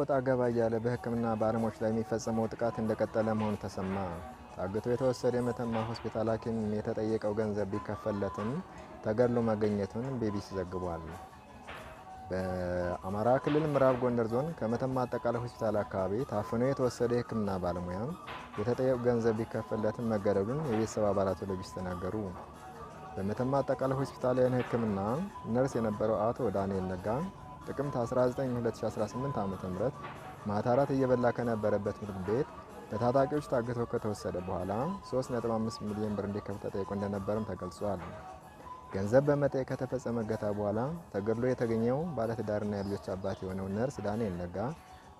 ወጣ ገባ እያለ በሕክምና ባለሙያዎች ላይ የሚፈጸመው ጥቃት እንደቀጠለ መሆኑ ተሰማ። ታግቶ የተወሰደ የመተማ ሆስፒታል ሐኪም የተጠየቀው ገንዘብ ቢከፈለትም ተገድሎ መገኘቱን ቢቢሲ ዘግቧል። በአማራ ክልል ምዕራብ ጎንደር ዞን ከመተማ አጠቃላይ ሆስፒታል አካባቢ ታፍኖ የተወሰደ የሕክምና ባለሙያ የተጠየቀው ገንዘብ ቢከፈለትም መገደሉን የቤተሰብ አባላት ለቢቢሲ ተናገሩ። በመተማ አጠቃላይ ሆስፒታል የዓይን ሕክምና ነርስ የነበረው አቶ ዳንኤል ነጋ ጥቅምት 19 2018 ዓ ም ማታ እየበላ ከነበረበት ምግብ ቤት በታጣቂዎች ታግተው ከተወሰደ በኋላ 3.5 ሚሊዮን ብር እንዲከፍል ተጠይቆ እንደነበርም ተገልጿል። ገንዘብ በመጠየቅ ከተፈጸመ እገታ በኋላ ተገድሎ የተገኘው ባለትዳርና የልጆች አባት የሆነው ነርስ ዳንኤል ነጋ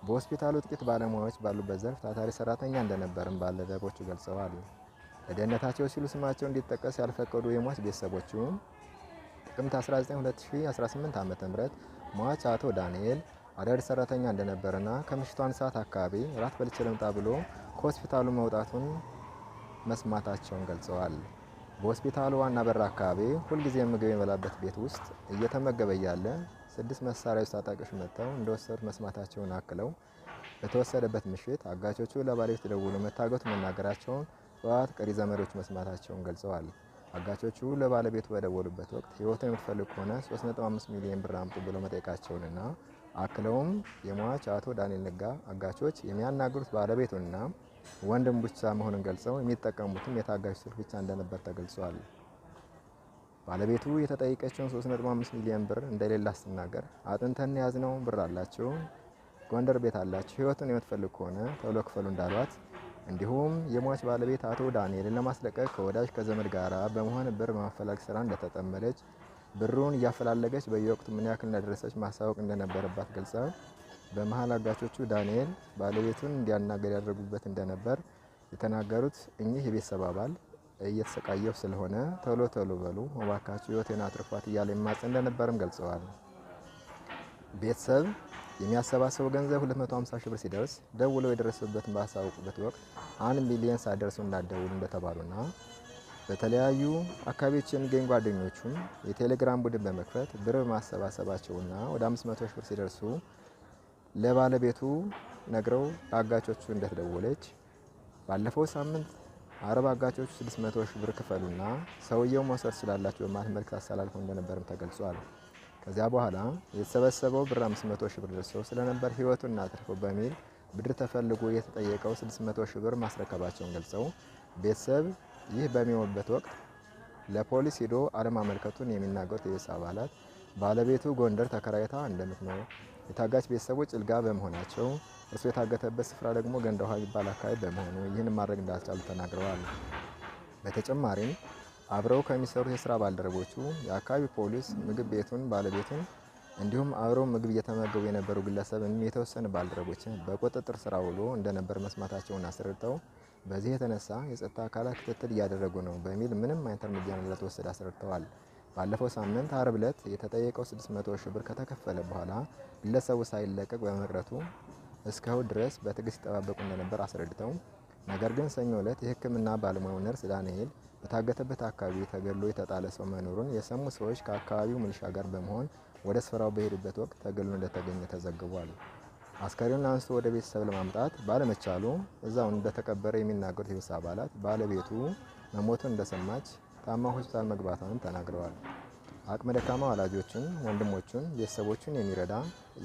በሆስፒታሉ ጥቂት ባለሙያዎች ባሉበት ዘርፍ ታታሪ ሰራተኛ እንደነበርም ባልደረቦቹ ገልጸዋል። ለደህንነታቸው ሲሉ ስማቸው እንዲጠቀስ ያልፈቀዱ የሟች ቤተሰቦቹም ጥቅምት 19 2018 ዓ ም ሟች አቶ ዳንኤል አዳሪ ሰራተኛ እንደነበረና ከምሽቱ አንድ ሰዓት አካባቢ ራት በልቼ ልምጣ ብሎ ከሆስፒታሉ መውጣቱን መስማታቸውን ገልጸዋል። በሆስፒታሉ ዋና በር አካባቢ ሁልጊዜ ምግብ የሚበላበት ቤት ውስጥ እየተመገበ እያለ ስድስት መሳሪያ ውስጥ ታጣቂዎች መጥተው እንደወሰዱት መስማታቸውን አክለው በተወሰደበት ምሽት አጋቾቹ ለባለቤት ደውሎ መታገቱ መናገራቸውን ጠዋት ቀሪ ዘመዶች መስማታቸውን ገልጸዋል። አጋቾቹ ለባለቤቱ በደወሉበት ወቅት ህይወቱን የምትፈልግ ከሆነ 35 ሚሊዮን ብር አምጡ ብሎ መጠየቃቸውንና አክለውም የሟች አቶ ዳንኤል ነጋ አጋቾች የሚያናግሩት ባለቤቱንና ወንድም ብቻ መሆኑን ገልጸው የሚጠቀሙትም የታጋች ስልክ ብቻ እንደነበር ተገልጿል። ባለቤቱ የተጠየቀችውን 35 ሚሊዮን ብር እንደሌላ ስትናገር አጥንተን የያዝነው ብር አላቸው፣ ጎንደር ቤት አላቸው፣ ህይወቱን የምትፈልግ ከሆነ ተብሎ ክፈሉ እንዳሏት እንዲሁም የሟች ባለቤት አቶ ዳንኤልን ለማስለቀቅ ከወዳጅ ከዘመድ ጋር በመሆን ብር በማፈላለግ ስራ እንደተጠመደች ብሩን እያፈላለገች በየወቅቱ ምን ያክል እንደደረሰች ማሳወቅ እንደነበረባት ገልጻ በመሀል አጋቾቹ ዳንኤል ባለቤቱን እንዲያናገር ያደረጉበት እንደነበር የተናገሩት እኚህ የቤተሰብ አባል እየተሰቃየው ስለሆነ ቶሎ ቶሎ በሉ እባካችሁ ህይወቴን አትርፏት እያለ ይማጸን እንደነበርም ገልጸዋል። ቤተሰብ የሚያሰባስበው ገንዘብ 250 ሺህ ብር ሲደርስ ደውለው የደረሰበትን ባሳውቁበት ወቅት አንድ ሚሊዮን ሳደርሱ እንዳደውሉ እንደተባሉና በተለያዩ አካባቢዎች የሚገኝ ጓደኞቹም የቴሌግራም ቡድን በመክፈት ብር ማሰባሰባቸውና ወደ 500 ሺህ ብር ሲደርሱ ለባለቤቱ ነግረው አጋቾቹ እንደተደወለች ባለፈው ሳምንት አረብ አጋቾቹ 600 ሺህ ብር ክፈሉና ሰውየው መውሰድ ስላላቸው በማለት መልእክት አስተላልፎ እንደነበርም ተገልጿል። ከዚያ በኋላ የተሰበሰበው ብር 500 ሺህ ብር ደርሶ ስለነበር ህይወቱን አትርፎ በሚል ብድር ተፈልጎ የተጠየቀው 600 ሺህ ብር ማስረከባቸውን ገልጸው ቤተሰብ ይህ በሚሆንበት ወቅት ለፖሊስ ሄዶ አለማመልከቱን የሚናገሩት የቤተሰብ አባላት ባለቤቱ ጎንደር ተከራይታ እንደምትኖር የታጋች ቤተሰቦች ጭልጋ በመሆናቸው እርሱ የታገተበት ስፍራ ደግሞ ገንደ ውሃ የሚባል አካባቢ በመሆኑ ይህን ማድረግ እንዳልቻሉ ተናግረዋል። በተጨማሪም አብረው ከሚሰሩት የስራ ባልደረቦቹ፣ የአካባቢው ፖሊስ፣ ምግብ ቤቱን ባለቤቱን እንዲሁም አብረው ምግብ እየተመገቡ የነበሩ ግለሰብም የተወሰኑ ባልደረቦችን በቁጥጥር ስራ ውሎ እንደነበር መስማታቸውን አስረድተው በዚህ የተነሳ የጸጥታ አካላት ክትትል እያደረጉ ነው በሚል ምንም አይነት እርምጃ እንዳልተወሰደ አስረድተዋል። ባለፈው ሳምንት አርብ ዕለት የተጠየቀው 600 ሺህ ብር ከተከፈለ በኋላ ግለሰቡ ሳይለቀቅ በመቅረቱ እስከው ድረስ በትዕግስት ይጠባበቁ እንደነበር አስረድተው ነገር ግን ሰኞ ዕለት የሕክምና ባለሙያው ነርስ ዳንኤል በታገተበት አካባቢ ተገሎ የተጣለ ሰው መኖሩን የሰሙ ሰዎች ከአካባቢው ሚሊሻ ጋር በመሆን ወደ ስፍራው በሄዱበት ወቅት ተገሎ እንደተገኘ ተዘግቧል። አስከሬኑን አንስቶ ወደ ቤተሰብ ለማምጣት ባለመቻሉ እዛው እንደተቀበረ የሚናገሩት የቤተሰብ አባላት ባለቤቱ መሞቱን እንደሰማች ታማ ሆስፒታል መግባቷንም ተናግረዋል። አቅመ ደካማ ወላጆቹን፣ ወንድሞቹን፣ ቤተሰቦቹን የሚረዳ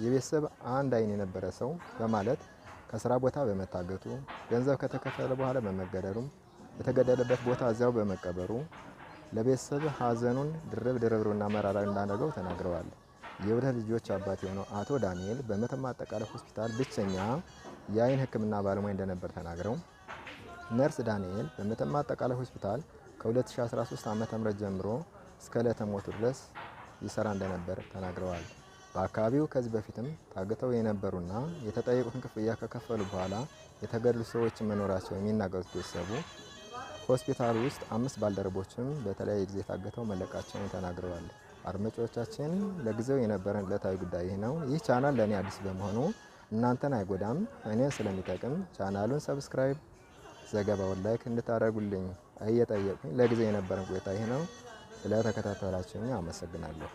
የቤተሰብ አንድ አይን የነበረ ሰው በማለት ከስራ ቦታ በመታገቱ ገንዘብ ከተከፈለ በኋላ በመገደሉም የተገደለበት ቦታ እዚያው በመቀበሩ ለቤተሰብ ሀዘኑን ድርብ ድርብሩና መራራ እንዳደረገው ተናግረዋል። የሁለት ልጆች አባት የሆነው አቶ ዳንኤል በመተማ አጠቃላይ ሆስፒታል ብቸኛ የአይን ሕክምና ባለሙያ እንደነበር ተናግረው ነርስ ዳንኤል በመተማ አጠቃላይ ሆስፒታል ከ2013 ዓ.ም ጀምሮ እስከ ዕለተ ሞቱ ድረስ ይሰራ እንደነበር ተናግረዋል። በአካባቢው ከዚህ በፊትም ታግተው የነበሩና የተጠየቁትን ክፍያ ከከፈሉ በኋላ የተገደሉ ሰዎች መኖራቸው የሚናገሩት ቤተሰቡ ሆስፒታል ውስጥ አምስት ባልደረቦችም በተለያየ ጊዜ ታግተው መለቃቸውን ተናግረዋል። አድማጮቻችን ለጊዜው የነበረን ዕለታዊ ጉዳይ ይህ ነው። ይህ ቻናል ለእኔ አዲስ በመሆኑ እናንተን አይጎዳም፣ እኔን ስለሚጠቅም ቻናሉን ሰብስክራይብ፣ ዘገባውን ላይክ እንድታደርጉልኝ እየጠየቁኝ ለጊዜው የነበረን ቆይታ ይህ ነው። ስለተከታተላችሁኝ አመሰግናለሁ።